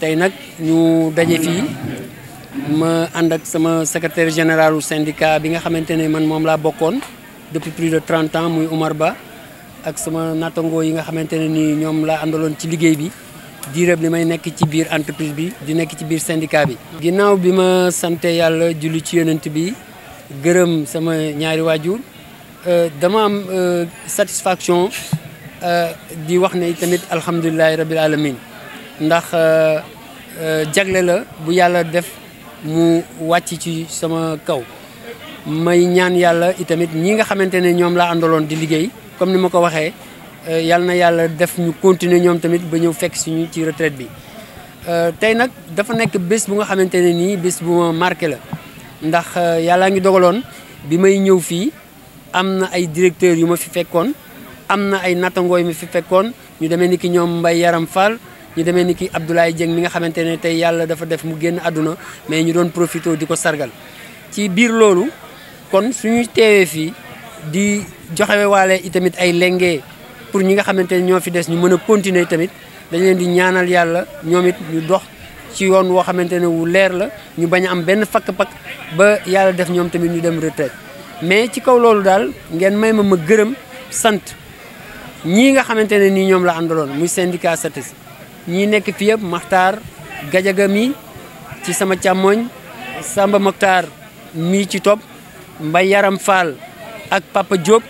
tey nag ñu daje fii ma ànd ak sama secretaire général u syndicat bi nga xamante ne man moom laa bokkoon depuis plus de 30 ans muy Omar Ba ak sama nattangoo yi nga xamante ne nii ñoom laa àndaloon ci liggéey bi diirab li may nekk ci biir entreprise bi di nekk ci biir syndicat bi. ginnaaw bi ma sante yàlla julli ci yonent bi gërëm sama ñaari waajur euh, dama am euh, satisfaction euh, di wax ne tamit alhamdulilahi rabil alamin ndax euh, euh, jagle la bu yàlla def mu wàcc ci sama kaw may ñaan yàlla itamit ñi nga xamante ne ñoom laa àndaloon di liggéey comme ni ma ko waxee euh, yàlla na yàlla def ñu continuer ñoom tamit ba ñëw fekk suñu ci retraite bi tey nag dafa nekk bés bu nga xamante ne nii bés bu ma marqué la ndax yàllaa ngi dogaloon bi may ñëw fii am na ay directeurs yu ma fi fekkoon am na ay nattangoo yu ma fi fekkoon ñu demee ni ki ñoom mbay Yaram Fall ñu demee ni ki Abdoulaye Dieng mi nga xamante ne tey yàlla dafa def mu génn àdduna mais ñu doon profité di ko sargal ci biir loolu kon suñu teewee fii di joxewaale itamit ay lenge pour ñi nga xamante ne ñoo fi des ñu mën a continuer tamit dañ leen di ñaanal yàlla ñoom it dox ci yoon woo xamante ne leer la ñu bañ a am benn fakk-fakk ba yàlla def ñoom tamit ñu dem retraite mais ci kaw loolu daal ngeen ma ma gërëm sant ñii nga xamante ne nii ñoom la àndaloon muy syndicat SATES ñi nekk fi yëpp Maxtaar Gajaga mi ci sama càmmoñ Samba Maxtaar mii ci topp mba Yaram Fall ak Papa Diop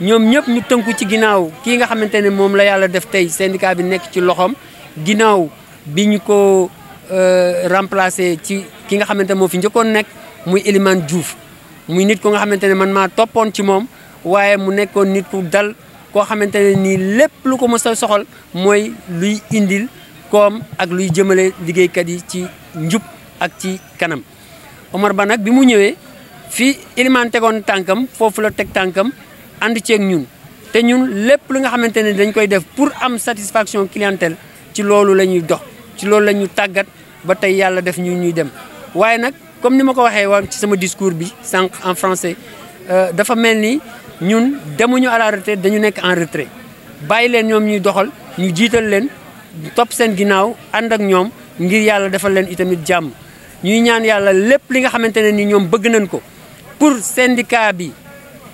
ñoom ñëpp ñu tënku ci ginnaaw kii nga xamante ne moom la yàlla def tey seen syndicat bi nekk ci loxoom ginnaaw bi ñu ko euh, remplacer ci ki nga xamante moo fi njëkkoon nekk muy Elimane Diouf muy nit ku nga xamante ne man maa toppoon ci moom waaye mu nekkoon nit ku dal koo xamante ne nii lépp lu ko mës a soxal mooy luy indil koom ak luy jëmale liggéeykat yi ci njub ak ci kanam Omar Ba nag bi mu ñëwee fii Ilimaan tegoon tànkam foofu la teg tànkam ànd ceeg ñun te ñun lépp lu nga xamante ne dañ koy def pour am satisfaction clientèle ci loolu la ñuy dox ci loolu la ñu tàggat ba tey yàlla def ñu ñuy dem waaye nag comme ni ma ko waxee woon ci sama discours bi sànq en français euh, dafa mel ni ñun demuñu à la dañu nekk en retrait bàyyi leen ñoom ñuy doxal ñu jiital leen topp seen ginnaaw ànd ak ñoom ngir yàlla defal leen itamit jàmm ñuy ñaan yàlla lépp li nga xamante ne ni ñoom bëgg nañ ko pour syndicat bi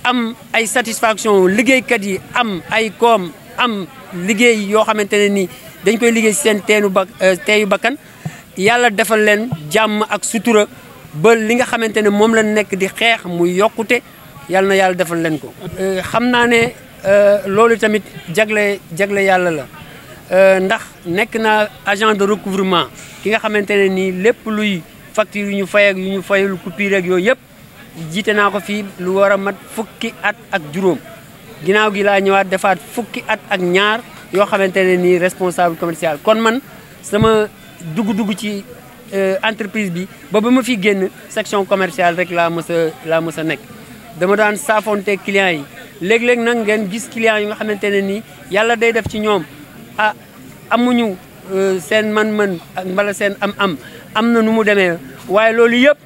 am ay satisfaction liggéeykat yi am ay koom am liggéey yoo xamante ne ni dañ koy liggéey seen teenu ba euh, teeyu bakkan yàlla defal leen jàmm ak sutura ba li nga xamante ne moom la nekk di xeex muy yokkute yàlla na yàlla defal leen ko. Euh, xam naa ne euh, loolu tamit jagle jagle yàlla la euh, ndax nekk na agent de recouvrement ki nga xamante ne nii lépp luy facture yu ñu fay yu ñu fayul coupure ak yooyu yëpp jiite naa ko fii lu war a mat fukki at ak juróom ginnaaw gi laa ñëwaat defaat fukki at ak ñaar yoo xamante ne nii responsable commercial kon man sama dugg-dugg ci. entreprise bi ba ba ma fi génn section commerciale rek laa mës a laa mës a nekk dama daan saafonte clients yi léeg-léeg nag ngeen gis clients yi nga xamante ne nii yàlla day def ci ñoom ah amuñu euh, seen man-man ak mbala seen am-am am na nu mu demee waaye loolu yëpp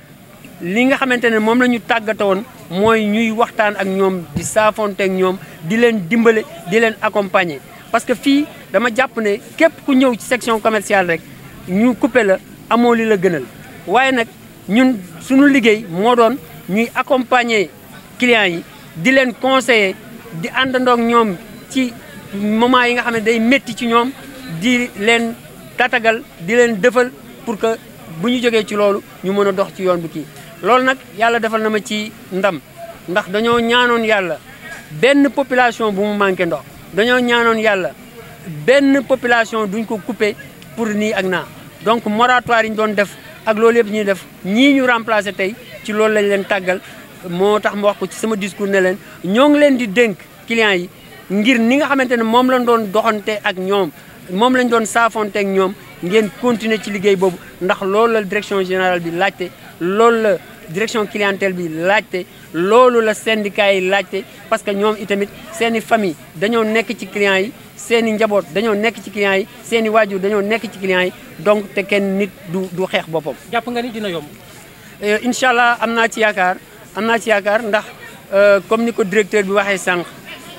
li nga xamante ne moom la ñu tàggatoon mooy ñuy waxtaan ak ñoom di saafonte ñoom di leen dimbale di leen accompagner. parce que fii dama jàpp ne képp ku ñëw ci section commerciale rek ñu coupé la amoo li la gënal waaye nag ñun suñu liggéey moo doon ñuy accompagner. clients yi di leen conseiller di àndandoog ñoom ci moment yi nga xam ne day métti ci ñoom di leen tatagal di leen defal pour que bu ñu jógee ci loolu ñu mën a dox ci yoon bu kii loolu nag yàlla defal na ma ci ndam ndax dañoo ñaanoon yàlla benn population bu mu manqué ndox dañoo ñaanoon yàlla benn population duñ ko coupé pour nii ak naa donc moratoire yi ñu doon def ak loolu yëpp ñuy def ñii ñu remplacé tey ci loolu lañ leen tàggal moo tax ma wax ko ci sama discours ne leen ñoo ngi leen di dénk clients yi ngir ni nga xamante ne moom lañ doon doxante ak ñoom moom lañ doon saafonte ak ñoom ngeen continuer ci liggéey boobu ndax loolu la direction général bi laajte loolu la direction clientèle bi laajte loolu la syndicat yi laajte parce que ñoom itamit seen i famille dañoo nekk ci clients yi seen i njaboot dañoo nekk ci clients yi seen i waajur dañoo nekk ci clients yi donc te kenn nit du du xeex boppam. jàpp nga ni dina yomb. Euh, incha allah am naa ci yaakaar. am naa ci yaakaar ndax euh, comme ni ko directeur bi waxee sànq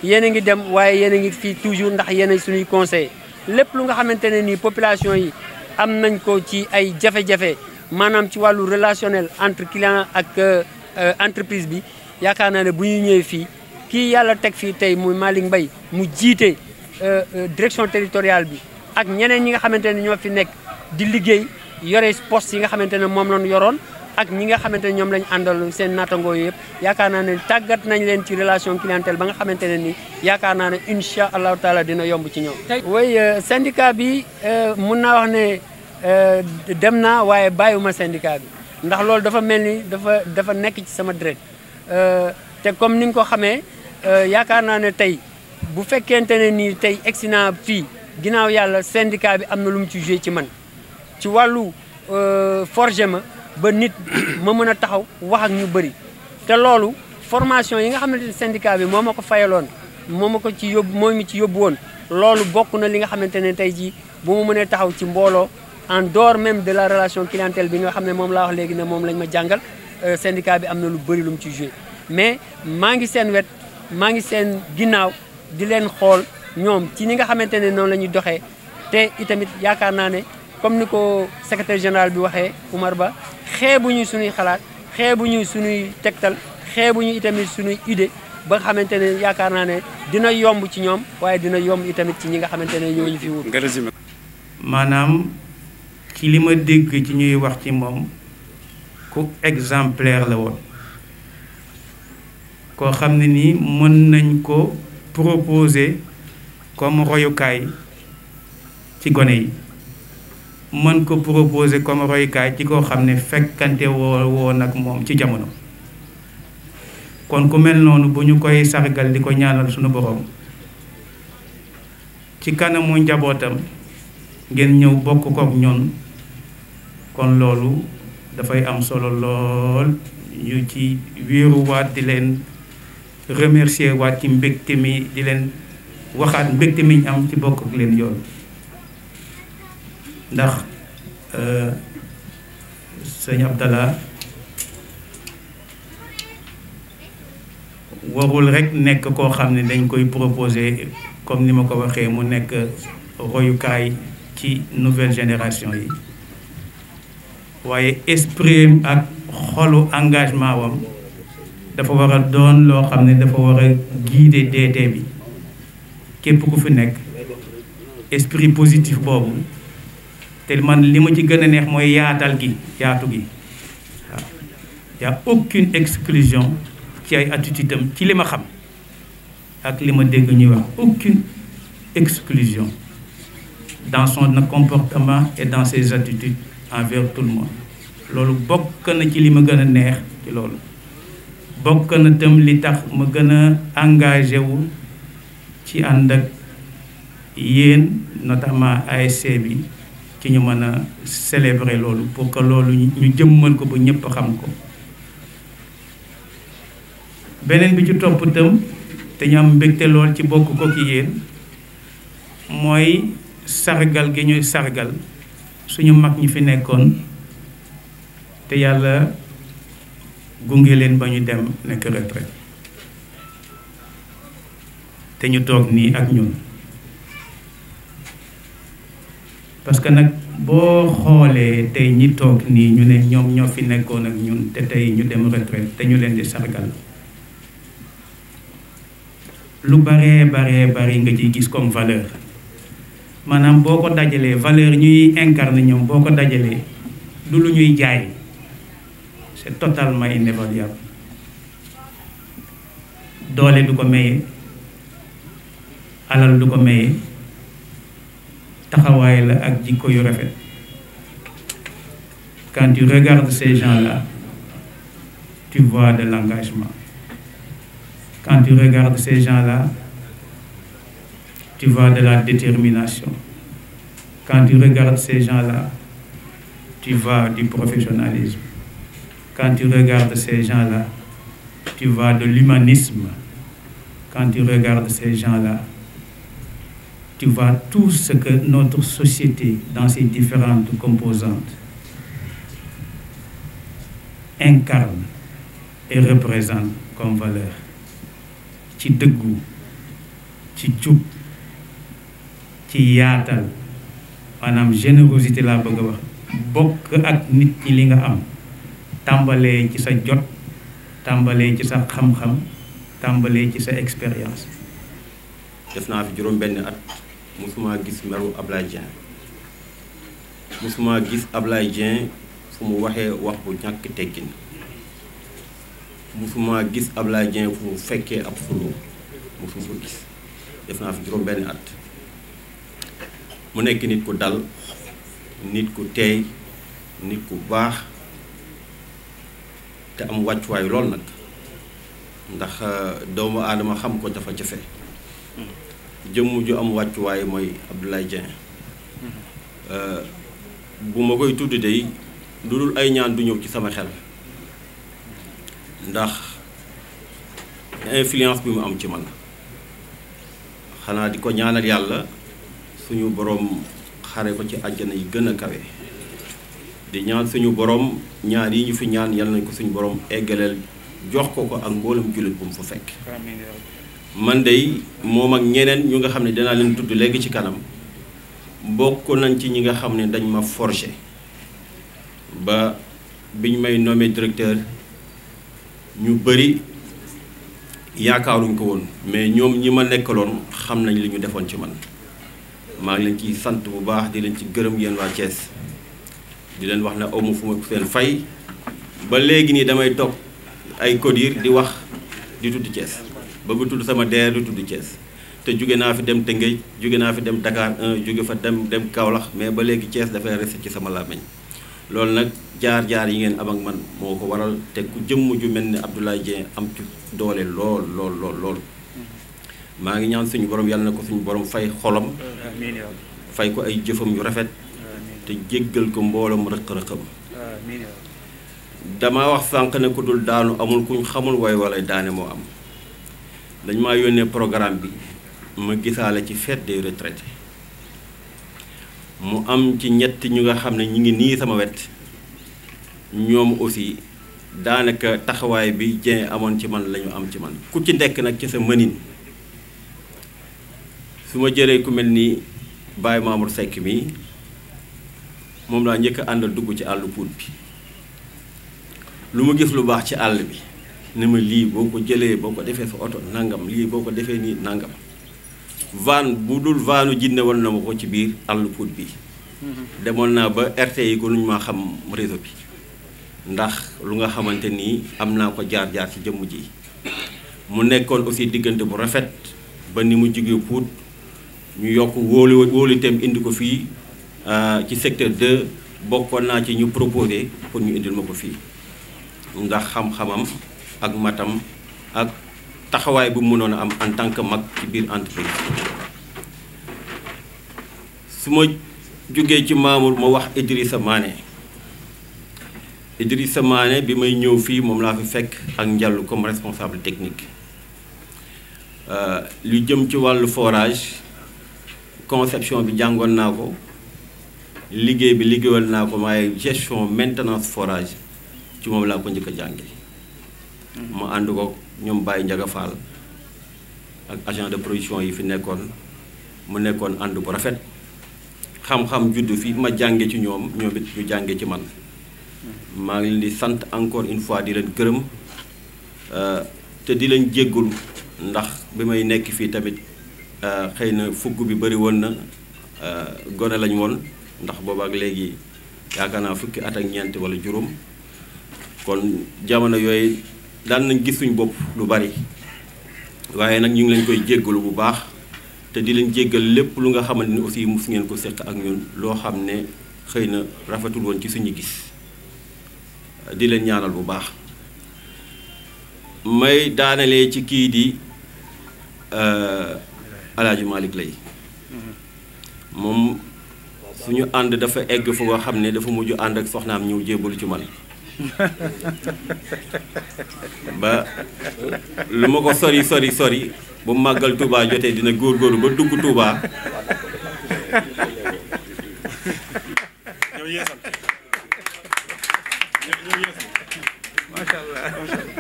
yéen a ngi dem waaye yéen a ngi fii toujours ndax yéen a suñuy conseil lépp lu nga xamante ne nii population yi am nañ ko ci ay jafe-jafe maanaam ci wàllu relationnel entre client ak euh, euh, entreprise bi yaakaar naa ne bu ñu ñëwee fii kii yàlla teg fii tey muy mali Mbaye mu jiite direction territoriale bi ak ñeneen ñi nga xamante ne ñoo fi nekk di liggéey yore poste yi nga xamante ne moom lañu yoroon ak ñi nga xamante ne ñoom lañ àndal seen nattangoo yëpp yaakaar naa ne tàggat nañ leen ci relation clientèle ba nga xamante ne nii yaakaar naa ne incha allahu taala dina yomb ci ñoom. tey oui euh, syndicat bi euh, mun naa wax ne euh, dem naa waaye bàyyiwuma syndicat bi ndax loolu dafa mel ni dafa dafa nekk ci sama deret te comme ni nga ko xamee yaakaar naa ne tey bu fekkente ne nii tey egsi naa fii ginnaaw yàlla syndicat bi am na lu mu ci joué ci man ci wàllu forger ma. ba nit ma mën a taxaw wax ak ñu bëri te loolu formation yi nga xamante ne syndicat bi moo ma ko fayaloon moo ma ko ci yóbbu moo mi ci yóbbu woon loolu bokk na li nga xamante ne tey jii bu mu mënee taxaw ci mbooloo en dehors même de la relation clientèle bi nga xam ne moom laa wax léegi ne moom lañ ma jàngal euh, syndicat bi am na lu bëri lu mu ci joué mais maa ngi seen wet maa ngi seen ginnaaw di leen xool ñoom ci ni nga xamante ne noonu la ñuy doxee te itamit yaakaar naa ne comme ni ko secretaire général bi waxee Oumar Ba xeebu ñu suñuy xalaat xeebu ñu suñuy tegtal xeebu ñu itamit suñuy idée ba xamante ne yaakaar naa ne dina yomb ci ñoom waaye dina yomb itamit ci ñi nga xamante ne ñooñu fi wut. maanaam ci li ma dégg ci ñuy wax ci moom ku exemplaire la woon koo xam ne nii mën nañ ko proposer comme royukaay ci gone yi. mën ko proposer comme roykaay ci koo xam ne fekkante woo woon ak moom ci jamono kon ku mel noonu bu ñu koy sargal di ko ñaanal sunu boroom ci kanamu njabootam ngeen ñëw bokk kook ñoon kon loolu dafay am solo lool ñu ci wéeruwaat di leen remercier waat ci mbégte mi di leen waxaat mbégte mi am ci bokk ak leen yoon ndax euh, sëñ Abdallah warul rek nekk koo xam ne dañ koy proposer comme ni ma ko waxee mu nekk royukaay ci nouvelle génération yi waaye esprit ak xolu engagement wam dafa war a doon loo xam ne dafa war a guider DT bi képp ku fi nekk esprit positif boobu te man li ma ci gën a neex mooy yaatal gi yaatu gi waaw y a aucune exclusion ci ay attitude am ci li ma xam ak li ma dégg ñuy wax aucune exclusion dans son comportement et dans ses attitudes envers tout le monde loolu bokk na ci li ma gën a neex ci loolu bokk na tam li tax ma gën a engagé wu ci ànd ak yéen notamment ASC bi ci ñu mën a célébrer loolu pour que loolu ñu jëmmal ko ba ñëpp xam ko beneen bi ci topp itam te ñu am mbégte lool ci bokk ko ki yéen mooy sargal gi ñuy sargal suñu mag ñi fi nekkoon te yàlla gunge leen ba ñu dem nekk retraite te ñu toog nii ak ñun parce que nag boo xoolee tey ñi toog nii ñu ne ñoom ñoo fi nekkoon ak ñun te tey ñu dem retraite te ñu leen di sargal lu baree baree bari nga ciy gis comme valeur maanaam boo ko dajalee valeur ñuy incarne ñoom boo ko dajalee du lu ñuy jaay c'est totalement inévaluable doole du ko maye alal du ko maye taxawaay la ak jikko yu rafet quand tu regardes ces gens-là tu vois de l'engagement quand tu regardes ces gens-là tu vois de la détermination quand tu regardes ces gens-là tu vois du professionnalisme quand tu regardes ces gens-là tu vois de l'humanisme quand tu regardes ces gens-là tu vois tout notre société, dans ses différentes composantes, incarne et représente comme valeur ci dëggu ci jub ci yaatal maanaam générosité laa bëgg a wax bokk ak nit ñi li nga am tàmbalee ci sa jot tàmbalee ci sa xam-xam tàmbalee ci sa expérience def naa fi juróom benn at musuma gis meru Ablaye Dieng musuma gis Ablaye Dieng fu mu waxee wax bu ñàkk teggin musuma gis Ablaye Dieng fu mu fekkee ab xuloo musuma ko gis def naa fi juróom-benn at mu nekk nit ku dal nit ku teey nit ku baax te am wàccuwaayu lool nag ndax euh, doomu aadama xam ko dafa jafe jëmm ju am wàccuwaay mooy Abdoulaye Dieng euh, bu ma koy tudd day lu dul ay ñaan du ñëw ci sama xel ndax influence bi mu am ci man xanaa di ko ñaanal yàlla suñu boroom xare ko ci àjjana yi gën a kawe di ñaan suñu boroom ñaan yi ñu fi ñaan yal nañ ko suñu boroom eggaleel jox ko ko ak mboolem jullit bu mu fa fekk. man dey moom ak ñeneen ñu nga xam ne danaa leen tudd léegi ci kanam bokk nañ ci ñi nga xam ne dañ ma forger ba biñ may nommé directeur ñu bëri yaakaaruñ ko woon mais ñoom ñi ma nekkaloon xam nañ li ñu defoon ci man maa ngi leen ciy sant bu baax di leen ci gërëm yéen waa Thiès di leen wax na awma fu ma seen fay ba léegi nii damay toog ay codir di wax di tudd Thiès. ba bu tudd sama DER lu tudd Thiès te jóge naa fi dem Tëngéej jóge naa fi dem Dakar jóge fa dem dem kawlax mais ba léegi cees dafay resté ci sama làmmiñ loolu nag jaar-jaar yi ngeen am ak man moo ko waral te ku jëmm ju mel ni Abdoulaye Dieng am ci doole lool lool lool lool maa ngi ñaan suñu borom yàlla na ko suñu borom fay xolam fay ko ay jëfam yu rafet te jéggal ko mboolam rëq-rëqam dama wax sànq ne ku dul daanu amul kuñ xamul way walay daane moo am dañ maa yónnee programme bi ma gisaale ci fête de retraités mu am ci ñett ñu nga xam ne ñu ngi nii sama wet ñoom aussi daanaka taxawaay bi Dieng amoon ci man la am ci man ku ci nekk nag ci sa mënin su ma jëlee ku mel ni baay Mamour Seck mi moom laa njëkk a àndal dugg ci àll puut bi lu mu gis lu baax ci àll bi ne ma lii boo ko jëlee boo ko defee sa oto nangam lii boo ko defee nii nangam van bu dul vaanu jinne wan na ma ko ci biir àll pout bi mhm. demoon naa ba RT yi ko nuñ maa xam réseau bi ndax lu nga xamante nii am naa ko jaar-jaar ci jëmm ji mu nekkoon aussi diggante bu rafet ba ni mu jógee puut ñu yokk wóolu wóolu itam indi ko fii euh, ci secteur 2 bokkoon naa ci ñu proposé pour ñu indil ma ko fii ndax xam-xamam ak matam ak taxawaay bu mënoon a am en tant que mag ci biir entreprise su ma jógee ci Mamour ma wax Idrissa Mané Idrissa Mané bi may ñëw fii moom laa fi fekk ak njàllu comme responsable technique euh, lu jëm ci wàllu forage conception bi jàngoon naa ko liggéey bi liggéeyal naa ko waaye gestion maintenance forage ci moom laa ko njëkk a ma ànd ko ñoom bàyyi Ndiaga Fall ak agent de production yi fi nekkoon mu nekkoon ànd bu rafet xam-xam juddu fi ma jànge ci ñoom ñoom ñu jànge ci man maa ngi leen di sant encore une fois di leen gërëm euh, te di leen jéggul ndax bi may nekk fii tamit euh, xëy na fugg bi bëri woon na euh, gone lañ woon ndax booba léegi yaakaar naa fukki at ak ñeent wala juróom kon jamono yooyu daan nañ gis suñu bopp lu bari waaye nag ñu ngi leen koy jéggalu bu baax te di leen jéggal lépp lu nga xamante ni aussi mos ngeen ko seq ak ñun loo xam ne xëy na rafetul woon ci suñu gis di leen ñaanal bu baax may daanalee ci kii di euh, Alaaji Malick Lay moom ñu ànd dafa egg fu nga xam ne dafa mujj ànd ak soxnaam ñëw jébbalu ci man ba lu ma ko sori sori sori bu màggal Touba jotee dina góorgóorlu ba dugg Touba.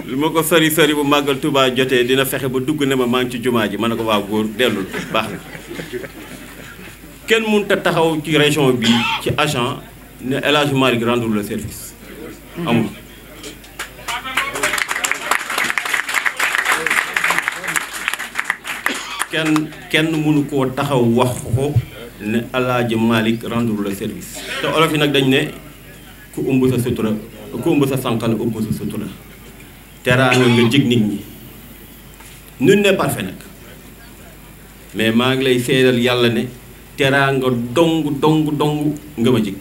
lu ma ko sori sori bu màggal Touba jotee dina fexe ba dugg ne ma maa ngi ci jumaa ji ma ne ko waaw góor dellul baax na kenn munta taxaw ci région bi ci agent ne El Hadj Malick rendul service. Mm-hmm. amul kenn kenn mënu koo taxaw wax ko ne Alaaji Malick rendre le service te olof yi nag dañ ne ku ëmb sa sutura ku ëmb sa sànqal ëmb sa sutura teraanga nga jig nit ñi nun ne parfait nag mais maa ngi lay seedal yàlla ne teraanga dong dong dong nga ma jig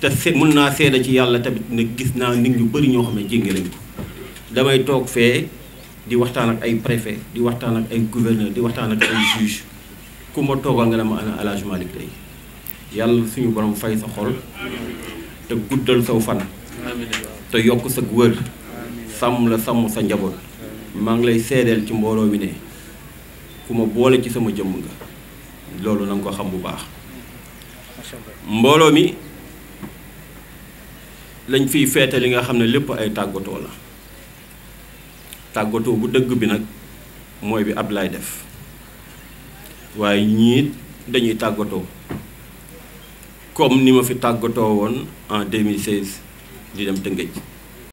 te se mun naa seede ci yàlla tamit ne gis naa nit ñu bëri ñoo xam ne jénge lañ damay toog fee di waxtaan ak ay préfet di waxtaan ak ay gouverneur di waxtaan ak ay juge ku ma toogal nga ne ma ana Alaaji Malick tey yàlla suñu borom fay sa xol te guddal saw fan te yokk sa wër sàmm la sàmm sa njaboot maa ngi lay seedeel ci mbooloo mi ne ku ma boole ci sama jëmm nga loolu na ko xam bu baax mbooloo mi lañ fiy feete li nga xam ne lépp ay tàggatoo la tàggatoo bu dëgg bi nag mooy bi ab lay def waaye ñiit dañuy tàggatoo comme ni ma fi tàggatoo woon en 2016 di dem Tëngéej